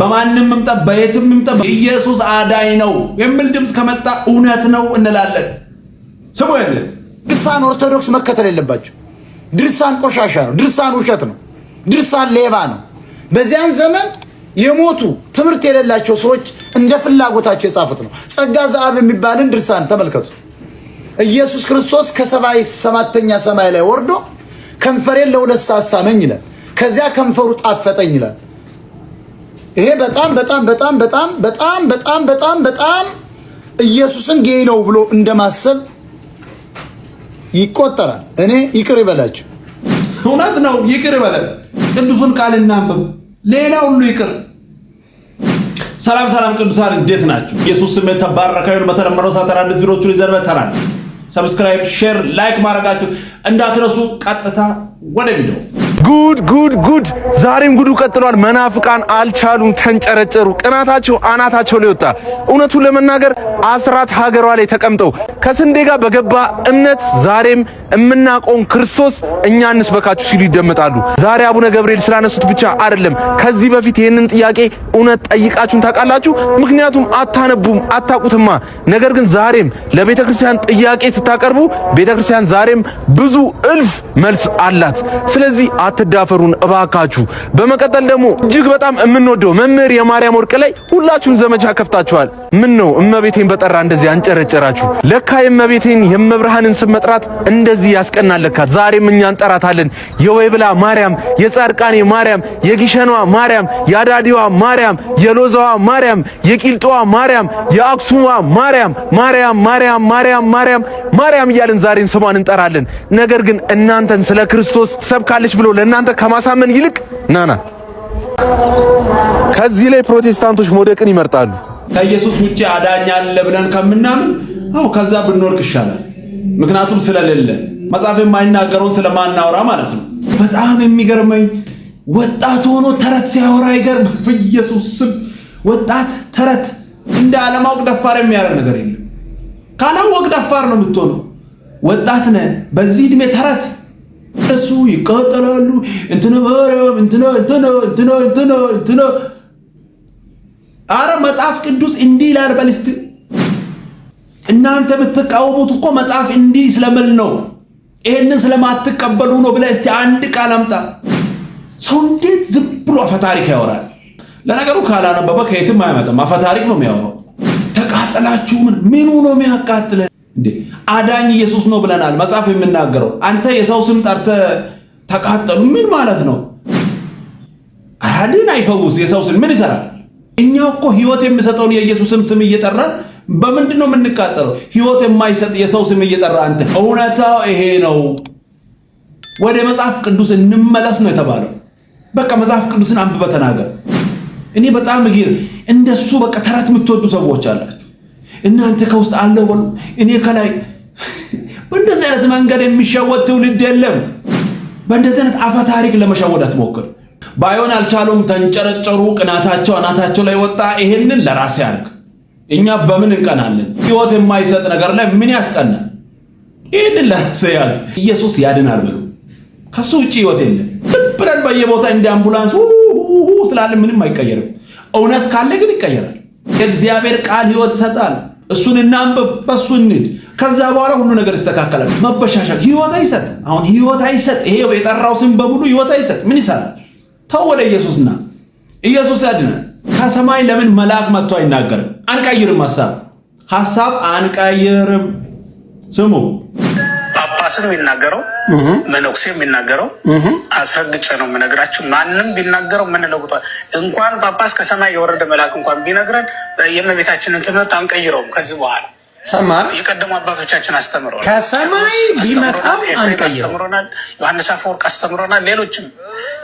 በማንም ምምጣ በየትም ምምጣ ኢየሱስ አዳኝ ነው የሚል ድምፅ ከመጣ እውነት ነው እንላለን። ስሙ ያለ ድርሳን ኦርቶዶክስ መከተል የለባቸው። ድርሳን ቆሻሻ ነው። ድርሳን ውሸት ነው። ድርሳን ሌባ ነው። በዚያን ዘመን የሞቱ ትምህርት የሌላቸው ሰዎች እንደ ፍላጎታቸው የጻፉት ነው። ጸጋ ዘአብ የሚባልን ድርሳን ተመልከቱት። ኢየሱስ ክርስቶስ ከሰባይ ሰባተኛ ሰማይ ላይ ወርዶ ከንፈሬን ለሁለት ሰዓት ሳመኝ ይላል። ከዚያ ከንፈሩ ጣፈጠኝ ይላል። ይሄ በጣም በጣም በጣም በጣም በጣም በጣም በጣም በጣም ኢየሱስን ጌይ ነው ብሎ እንደማሰብ ይቆጠራል። እኔ ይቅር ይበላችሁ። እውነት ነው፣ ይቅር ይበላል። ቅዱሱን ቃል እናንብብ፣ ሌላ ሁሉ ይቅር። ሰላም ሰላም፣ ቅዱሳን እንዴት ናችሁ? ኢየሱስ ስም የተባረከ ይሁን። በተለመደው ሳተና አዲስ ቪዲዮዎቹን ይዘን መጥተናል። ሰብስክራይብ፣ ሼር፣ ላይክ ማድረጋችሁ እንዳትረሱ። ቀጥታ ወደ ቪዲዮ ጉድ ጉድ ጉድ! ዛሬም ጉዱ ቀጥሏል። መናፍቃን አልቻሉም፣ ተንጨረጨሩ። ቅናታቸው አናታቸው ላይ ወጣ። እውነቱን ለመናገር አስራት ሀገሯ ላይ ተቀምጠው ከስንዴ ጋር በገባ እምነት ዛሬም እምናቆን ክርስቶስ እኛ እንስበካችሁ ሲሉ ይደመጣሉ። ዛሬ አቡነ ገብርኤል ስላነሱት ብቻ አይደለም። ከዚህ በፊት ይህንን ጥያቄ እውነት ጠይቃችሁን ታውቃላችሁ? ምክንያቱም አታነቡም፣ አታውቁትማ። ነገር ግን ዛሬም ለቤተክርስቲያን ጥያቄ ስታቀርቡ ቤተክርስቲያን ዛሬም ብዙ እልፍ መልስ አላት። ስለዚህ አትዳፈሩን እባካችሁ። በመቀጠል ደግሞ እጅግ በጣም የምንወደው መምህር የማርያም ወርቅ ላይ ሁላችሁም ዘመቻ ከፍታችኋል። ምን ነው እመቤቴን በጠራ እንደዚህ አንጨረጨራችሁ። ለካ የእመቤቴን የመብርሃንን ስም መጥራት እንደዚህ ያስቀናለካት ዛሬም እኛ እንጠራታለን። የወይብላ ማርያም፣ የጻድቃኔ ማርያም፣ የጊሸኗ ማርያም፣ የአዳዲዋ ማርያም፣ የሎዛዋ ማርያም፣ የቂልጦዋ ማርያም፣ የአክሱማ ማርያም ማርያም ማርያም ማርያም ማርያም ማርያም እያልን ዛሬን ስሟን እንጠራለን። ነገር ግን እናንተን ስለ ክርስቶስ ሰብካለች ብሎ ለእናንተ ከማሳመን ይልቅ ናና ከዚህ ላይ ፕሮቴስታንቶች መውደቅን ይመርጣሉ። ከኢየሱስ ውጪ አዳኝ አለ ብለን ከምናምን አው ከዛ ብንወርቅ ይሻላል። ምክንያቱም ስለሌለ መጽሐፍ የማይናገረውን ስለማናወራ ማለት ነው። በጣም የሚገርመኝ ወጣት ሆኖ ተረት ሲያወራ አይገርም። በኢየሱስ ስም ወጣት ተረት እንደ አለማወቅ ደፋር የሚያደርግ ነገር የለም። ካላወቅ ደፋር ነው የምትሆነው። ወጣት ነህ፣ በዚህ ዕድሜ ተረት እሱ ይቃጠላሉ። እንትነ ማርያም እንትነ እንትነ እንትነ እንትነ እንትነ አረ መጽሐፍ ቅዱስ እንዲህ ይላል በልስት እናንተ የምትቃወሙት እኮ መጽሐፍ እንዲህ ስለምል ነው፣ ይሄንን ስለማትቀበሉ ነው ብለህ እስቲ አንድ ቃል አምጣ። ሰው እንዴት ዝም ብሎ አፈታሪክ ያወራል? ለነገሩ ካላነበበ ከየትም አይመጣም። አፈታሪክ ነው የሚያወራው። ተቃጠላችሁ ምን ምኑ ነው የሚያቃጥለን? አዳኝ ኢየሱስ ነው ብለናል። መጽሐፍ የምናገረው አንተ የሰው ስም ጠርተ ተቃጠሉ ምን ማለት ነው? አድን አይፈውስ የሰው ስም ምን ይሰራል? እኛ እኮ ህይወት የሚሰጠውን የኢየሱስም ስም እየጠራ በምንድን ነው የምንቃጠለው? ህይወት የማይሰጥ የሰው ስም እየጠራ አንተ። እውነታው ይሄ ነው። ወደ መጽሐፍ ቅዱስ እንመለስ ነው የተባለው። በቃ መጽሐፍ ቅዱስን አንብበ ተናገር። እኔ በጣም እንደሱ በቃ ተረት የምትወዱ ሰዎች አላችሁ። እናንተ ከውስጥ አለው በሉ፣ እኔ ከላይ። በእንደዚህ አይነት መንገድ የሚሸወድ ትውልድ የለም። በእንደዚህ አይነት አፈ ታሪክ ለመሸወድ አትሞክር። ባይሆን አልቻሉም፣ ተንጨረጨሩ፣ ቅናታቸው አናታቸው ላይ ወጣ። ይሄንን ለራሴ አርግ። እኛ በምን እንቀናለን? ህይወት የማይሰጥ ነገር ላይ ምን ያስቀናል? ይህንን ለራሴ ያዝ። ኢየሱስ ያድናል በሉ። ከሱ ውጭ ህይወት የለም። ብለን በየቦታ እንደ አምቡላንስ ስላለ ምንም አይቀየርም። እውነት ካለ ግን ይቀየራል። የእግዚአብሔር ቃል ህይወት ይሰጣል። እሱን እናንብብ፣ በሱ እንሂድ። ከዛ በኋላ ሁሉ ነገር ይስተካከላል። መበሻሻል ህይወት አይሰጥ። አሁን ህይወት አይሰጥ። ይሄ የጠራው ስም በሙሉ ህይወት አይሰጥ። ምን ይሰራል? ተው ወደ ኢየሱስና ኢየሱስ ያድናል። ከሰማይ ለምን መልአክ መጥቶ አይናገርም? አንቀይርም። ሀሳብ ሀሳብ አንቀይርም። ስሙ ጳጳስም የሚናገረው መነኩሴ የሚናገረው አስረግጬ ነው የምነግራችሁ። ማንም ቢናገረው ምን ለውጧል? እንኳን ጳጳስ ከሰማይ የወረደ መልአክ እንኳን ቢነግረን የእመቤታችንን ትምህርት አንቀይረውም ከዚህ በኋላ የቀደሙ አባቶቻችን አስተምረናል። ከሰማይ ቢመጣም አንቀይረው ዮሐንስ አፈወርቅ አስተምሮናል። ሌሎችም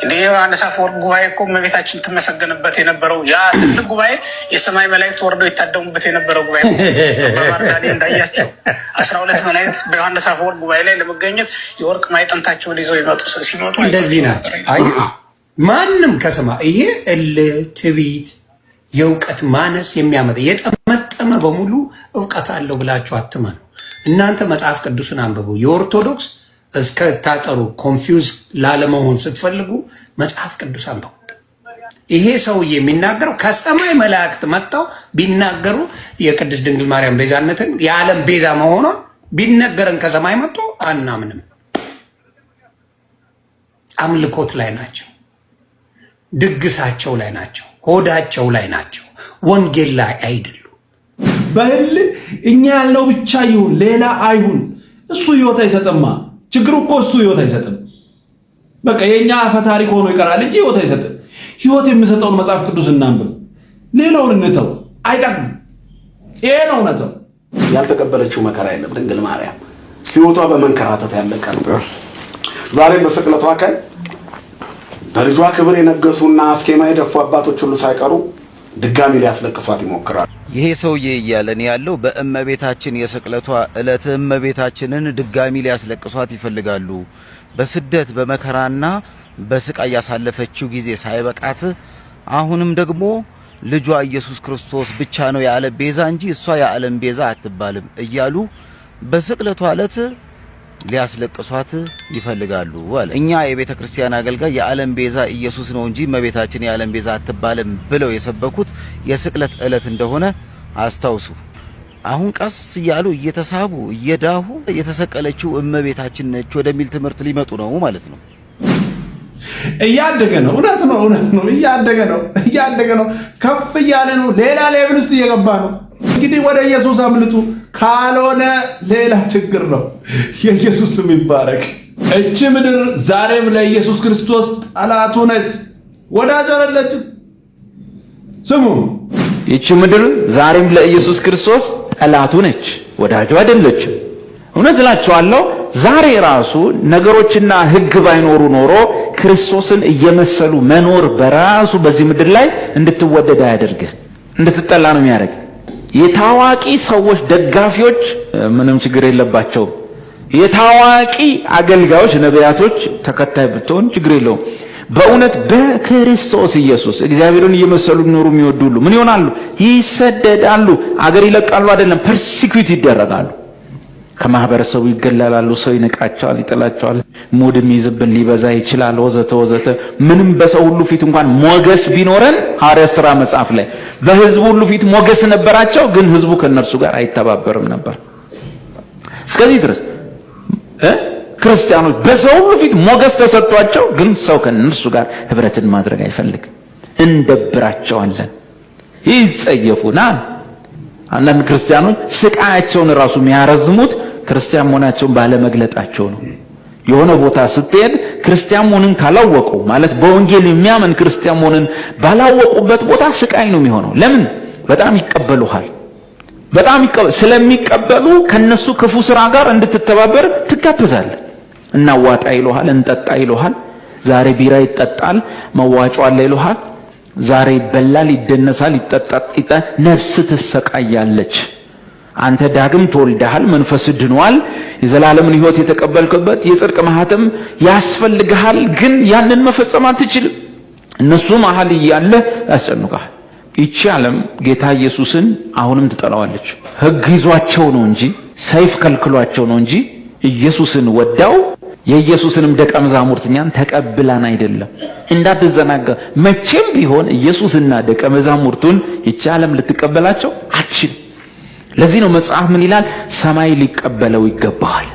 እንደ ዮሐንስ አፈወርቅ ጉባኤ እኮ እመቤታችን ትመሰገንበት የነበረው ያ ትልቅ ጉባኤ የሰማይ መላእክት ወርደው ይታደሙበት የነበረው ጉባኤ ማርዳኔ እንዳያቸው አስራ ሁለት መላእክት በዮሐንስ አፈወርቅ ጉባኤ ላይ ለመገኘት የወርቅ ማይጠንታቸውን ይዘው ይመጡ ሲመጡ እንደዚህ ናቸው። ማንም ከሰማ ይሄ እልህ ትዕቢት፣ የእውቀት ማነስ የሚያመጣ የጠመት የተጠመጠመ በሙሉ እውቀት አለው ብላችሁ አትመኑ። እናንተ መጽሐፍ ቅዱስን አንብቡ። የኦርቶዶክስ እስከታጠሩ ኮንፊውዝ ላለመሆን ስትፈልጉ መጽሐፍ ቅዱስ አንብቡ። ይሄ ሰውዬ የሚናገረው ከሰማይ መላእክት መጥተው ቢናገሩ የቅድስት ድንግል ማርያም ቤዛነትን የዓለም ቤዛ መሆኗን ቢነገረን ከሰማይ መጥቶ አናምንም። አምልኮት ላይ ናቸው፣ ድግሳቸው ላይ ናቸው፣ ሆዳቸው ላይ ናቸው፣ ወንጌል ላይ አይደለም። በህል እኛ ያልነው ብቻ ይሁን፣ ሌላ አይሁን። እሱ ህይወት አይሰጥማ። ችግሩ እኮ እሱ ህይወት አይሰጥም። በቃ የእኛ አፈ ታሪክ ሆኖ ይቀራል እንጂ ህይወት አይሰጥም። ህይወት የሚሰጠውን መጽሐፍ ቅዱስ እናንብብ፣ ሌላውን እንተው። አይጠቅም። ይሄ ነው እውነትም። ያልተቀበለችው መከራ የለም ድንግል ማርያም ህይወቷ በመንከራተት ያለቀ ነው። ዛሬም በስቅለቷ ቀን በልጇ ክብር የነገሱና አስኬማ የደፉ አባቶች ሁሉ ሳይቀሩ ድጋሚ ሊያስለቅሷት ይሞክራል። ይሄ ሰውዬ እያለን ያለው በእመቤታችን የስቅለቷ ዕለት እመቤታችንን ድጋሚ ሊያስለቅሷት ይፈልጋሉ። በስደት በመከራና በስቃይ ያሳለፈችው ጊዜ ሳይበቃት አሁንም ደግሞ ልጇ ኢየሱስ ክርስቶስ ብቻ ነው የዓለም ቤዛ እንጂ እሷ የዓለም ቤዛ አትባልም እያሉ በስቅለቷ ዕለት ሊያስለቅሷት ይፈልጋሉ አለ። እኛ የቤተ ክርስቲያን አገልጋይ የዓለም ቤዛ ኢየሱስ ነው እንጂ እመቤታችን የዓለም ቤዛ አትባልም ብለው የሰበኩት የስቅለት ዕለት እንደሆነ አስታውሱ። አሁን ቀስ እያሉ እየተሳቡ እየዳሁ የተሰቀለችው እመቤታችን ነች ወደሚል ትምህርት ሊመጡ ነው ማለት ነው። እያደገ ነው። እውነት ነው፣ እውነት ነው። እያደገ ነው፣ እያደገ ነው። ከፍ እያለ ነው። ሌላ ሌቭል ውስጥ እየገባ ነው። እንግዲህ ወደ ኢየሱስ አምልጡ። ካልሆነ ሌላ ችግር ነው። የኢየሱስ ስም ይባረክ። እቺ ምድር ዛሬም ለኢየሱስ ክርስቶስ ጠላቱ ነች፣ ወዳጅ አይደለችም። ስሙ፣ ይቺ ምድር ዛሬም ለኢየሱስ ክርስቶስ ጠላቱ ነች፣ ወዳጁ አይደለችም። እውነት እላቸዋለሁ ዛሬ ራሱ ነገሮችና ሕግ ባይኖሩ ኖሮ ክርስቶስን እየመሰሉ መኖር በራሱ በዚህ ምድር ላይ እንድትወደድ አያደርግህ፣ እንድትጠላ ነው የሚያደርግ የታዋቂ ሰዎች ደጋፊዎች ምንም ችግር የለባቸውም። የታዋቂ አገልጋዮች፣ ነቢያቶች ተከታይ ብትሆን ችግር የለውም። በእውነት በክርስቶስ ኢየሱስ እግዚአብሔርን እየመሰሉ ሊኖሩ የሚወዱ ሁሉ ምን ይሆናሉ? ይሰደዳሉ። አገር ይለቃሉ አይደለም፣ ፐርሲኩት ይደረጋሉ። ከማህበረሰቡ ይገላላሉ። ሰው ይንቃቸዋል፣ ይጥላቸዋል፣ ሙድም ይዝብን ሊበዛ ይችላል ወዘተ ወዘተ። ምንም በሰው ሁሉ ፊት እንኳን ሞገስ ቢኖረን ሐዋርያት ሥራ መጽሐፍ ላይ በህዝቡ ሁሉ ፊት ሞገስ ነበራቸው፣ ግን ህዝቡ ከእነርሱ ጋር አይተባበርም ነበር። እስከዚህ ድረስ ክርስቲያኖች በሰው ሁሉ ፊት ሞገስ ተሰጥቷቸው፣ ግን ሰው ከእነርሱ ጋር ህብረትን ማድረግ አይፈልግም። እንደብራቸዋለን፣ ይጸየፉናል። አንዳንድ ክርስቲያኖች ስቃያቸውን ራሱ የሚያረዝሙት ክርስቲያን መሆናቸውን ባለመግለጣቸው ነው። የሆነ ቦታ ስትሄድ ክርስቲያን መሆንን ካላወቁ ማለት በወንጌል የሚያምን ክርስቲያን መሆንን ባላወቁበት ቦታ ስቃይ ነው የሚሆነው። ለምን? በጣም ይቀበሉሃል። በጣም ስለሚቀበሉ ከነሱ ክፉ ስራ ጋር እንድትተባበር ትጋብዛለህ። እናዋጣ ይሉሃል፣ እንጠጣ ይሉሃል። ዛሬ ቢራ ይጠጣል፣ መዋጮ አለ ይሉሃል። ዛሬ ይበላል፣ ይደነሳል፣ ይጠጣ። ነፍስ ትሰቃያለች። አንተ ዳግም ተወልደሃል፣ መንፈስ ድኗል፣ የዘላለምን ሕይወት የተቀበልክበት የጽድቅ ማህተም ያስፈልግሃል። ግን ያንን መፈጸም አትችልም። እነሱ መሀል እያለ ያስጨንቃል። ይቺ ዓለም ጌታ ኢየሱስን አሁንም ትጠላዋለች። ሕግ ይዟቸው ነው እንጂ ሰይፍ ከልክሏቸው ነው እንጂ ኢየሱስን ወዳው የኢየሱስንም ደቀ መዛሙርትኛን ተቀብላን አይደለም። እንዳትዘናጋ፣ መቼም ቢሆን ኢየሱስና ደቀ መዛሙርቱን ይቺ ዓለም ልትቀበላቸው አትችልም። ለዚህ ነው መጽሐፍ ምን ይላል? ሰማይ ሊቀበለው ይገባዋል።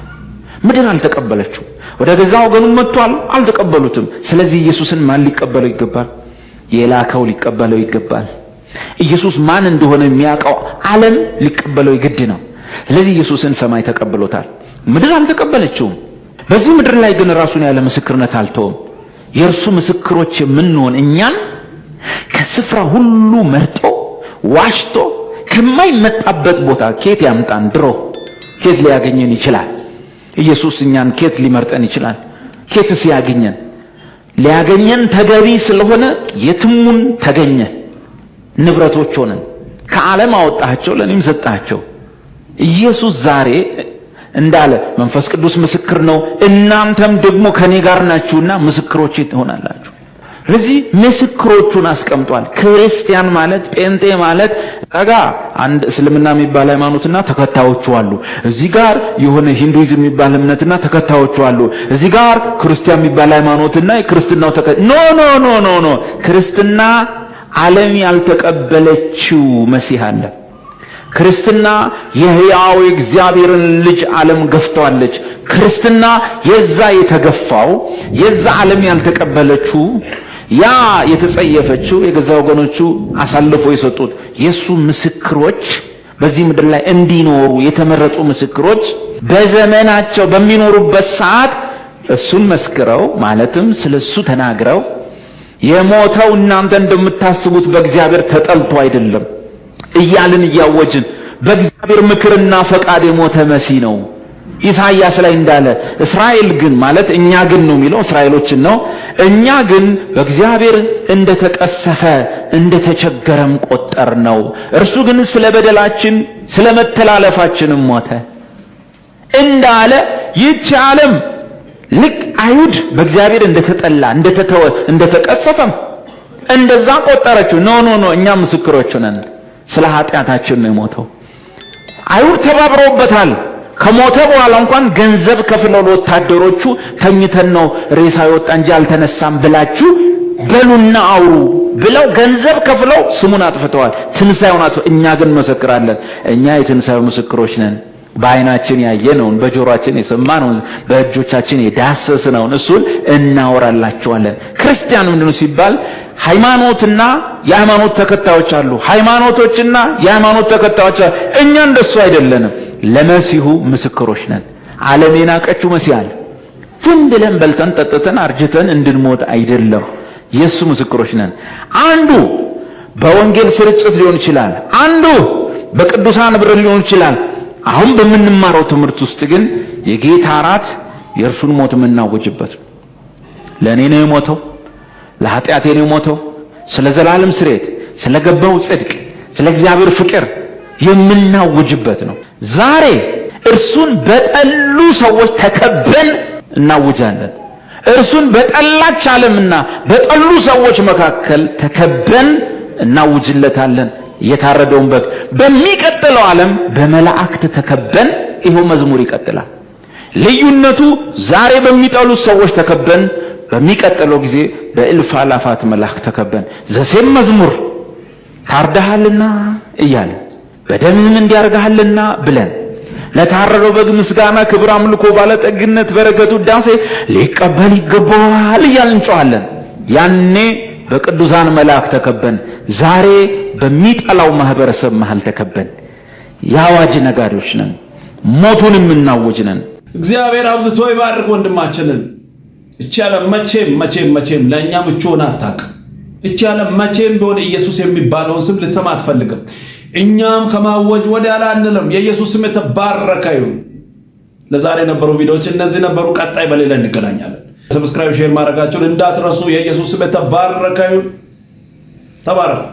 ምድር አልተቀበለችው። ወደ ገዛ ወገኑ መጥቷል፣ አልተቀበሉትም። ስለዚህ ኢየሱስን ማን ሊቀበለው ይገባል? የላከው ሊቀበለው ይገባል። ኢየሱስ ማን እንደሆነ የሚያውቀው ዓለም ሊቀበለው ግድ ነው። ስለዚህ ኢየሱስን ሰማይ ተቀብሎታል፣ ምድር አልተቀበለችውም። በዚህ ምድር ላይ ግን ራሱን ያለ ምስክርነት አልተውም። የእርሱ ምስክሮች የምንሆን እኛን ከስፍራ ሁሉ መርጦ ዋሽቶ ከማይመጣበት ቦታ ኬት ያምጣን? ድሮ ኬት ሊያገኘን ይችላል? ኢየሱስ እኛን ኬት ሊመርጠን ይችላል? ኬትስ ያገኘን? ሊያገኘን ተገቢ ስለሆነ የትሙን ተገኘ። ንብረቶች ሆነን ከዓለም አወጣቸው፣ ለእኔም ሰጣቸው። ኢየሱስ ዛሬ እንዳለ መንፈስ ቅዱስ ምስክር ነው፣ እናንተም ደግሞ ከኔ ጋር ናችሁና ምስክሮች ትሆናላችሁ። ስለዚህ ምስክሮቹን አስቀምጧል። ክርስቲያን ማለት ጴንጤ ማለት ጠጋ አንድ እስልምና የሚባል ሃይማኖትና ተከታዮቹ አሉ። እዚህ ጋር የሆነ ሂንዱይዝም የሚባል እምነትና ተከታዮቹ አሉ። እዚህ ጋር ክርስቲያን የሚባል ሃይማኖትና የክርስትናው ተከ ኖ ኖ ኖ ኖ ኖ ክርስትና ዓለም ያልተቀበለችው መሲህ አለ። ክርስትና የሕያው እግዚአብሔርን ልጅ ዓለም ገፍተዋለች። ክርስትና የዛ የተገፋው የዛ ዓለም ያልተቀበለችው ያ የተጸየፈችው የገዛ ወገኖቹ አሳልፎ የሰጡት የእሱ ምስክሮች በዚህ ምድር ላይ እንዲኖሩ የተመረጡ ምስክሮች በዘመናቸው በሚኖሩበት ሰዓት እሱን መስክረው ማለትም ስለ እሱ ተናግረው የሞተው እናንተ እንደምታስቡት በእግዚአብሔር ተጠልቶ አይደለም እያልን እያወጅን በእግዚአብሔር ምክርና ፈቃድ የሞተ መሲ ነው ኢሳይያስ ላይ እንዳለ እስራኤል ግን ማለት እኛ ግን ነው የሚለው እስራኤሎችን ነው። እኛ ግን በእግዚአብሔር እንደተቀሰፈ እንደተቸገረም ቆጠር ነው። እርሱ ግን ስለ በደላችን ስለ መተላለፋችንም ሞተ እንዳለ ይህች ዓለም ልክ አይሁድ በእግዚአብሔር እንደተጠላ እንደተተወ እንደተቀሰፈም እንደዛ ቆጠረችው። ኖ ኖ ኖ እኛ ምስክሮች ነን። ስለ ኃጢአታችን ነው የሞተው። አይሁድ ተባብረውበታል። ከሞተ በኋላ እንኳን ገንዘብ ከፍለው ለወታደሮቹ ተኝተን ነው ሬሳ የወጣ እንጂ አልተነሳም ብላችሁ በሉና አውሩ ብለው ገንዘብ ከፍለው ስሙን አጥፍተዋል፣ ትንሣኤውን። እኛ ግን መሰክራለን። እኛ የትንሣኤው ምስክሮች ነን። በአይናችን ያየነውን በጆሮአችን የሰማነውን በእጆቻችን የዳሰስነውን እሱን እናወራላቸዋለን። ክርስቲያን ምንድን ነው ሲባል ሃይማኖትና የሃይማኖት ተከታዮች አሉ። ሃይማኖቶችና የሃይማኖት ተከታዮች አሉ። እኛ እንደሱ አይደለንም። ለመሲሁ ምስክሮች ነን። ዓለም የናቀችው መሲህ አለ። ዝም ብለን በልተን ጠጥተን አርጅተን እንድንሞት አይደለም። የእሱ ምስክሮች ነን። አንዱ በወንጌል ስርጭት ሊሆን ይችላል። አንዱ በቅዱሳን ብር ሊሆን ይችላል። አሁን በምንማረው ትምህርት ውስጥ ግን የጌታ እራት የእርሱን ሞት የምናወጅበት ነው። ለእኔ ነው የሞተው፣ ለኃጢአቴ ነው የሞተው፣ ስለ ዘላለም ስሬት፣ ስለ ገባው ጽድቅ፣ ስለ እግዚአብሔር ፍቅር የምናውጅበት ነው። ዛሬ እርሱን በጠሉ ሰዎች ተከበን እናውጃለን። እርሱን በጠላች ዓለምና በጠሉ ሰዎች መካከል ተከበን እናውጅለታለን። የታረደውን በግ በሚቀጥለው ዓለም በመላእክት ተከበን ይኸው መዝሙር ይቀጥላል። ልዩነቱ ዛሬ በሚጠሉት ሰዎች ተከበን በሚቀጥለው ጊዜ በእልፍ አላፋት መላእክት ተከበን ዘሴም መዝሙር ታርደሃልና እያለ በደምህም እንዲያርግሃልና ብለን ለታረደው በግ ምስጋና፣ ክብር፣ አምልኮ፣ ባለጠግነት፣ በረከቱ፣ ዳሴ ሊቀበል ይገባዋል እያልን ያኔ በቅዱሳን መልአክ ተከበን ዛሬ በሚጠላው ማህበረሰብ መሃል ተከበን የአዋጅ ነጋሪዎች ነን፣ ሞቱን የምናወጅ ነን። እግዚአብሔር አብዝቶ ይባርክ ወንድማችንን። እቺ ዓለም መቼም መቼም መቼም ለእኛ ምቹ ሆና አታውቅም። እቺ ዓለም መቼም ቢሆን ኢየሱስ የሚባለውን ስም ልትሰማ አትፈልግም። እኛም ከማወጅ ወደ ኋላ አንልም። የኢየሱስ ስም የተባረከ ይሁን። ለዛሬ የነበሩ ቪዲዮዎች እነዚህ ነበሩ። ቀጣይ በሌላ እንገናኛለን። ሰብስክራይብ፣ ሼር ማድረጋችሁን እንዳትረሱ። የኢየሱስ ስም የተባረከ ይሁን። ተባረኩ።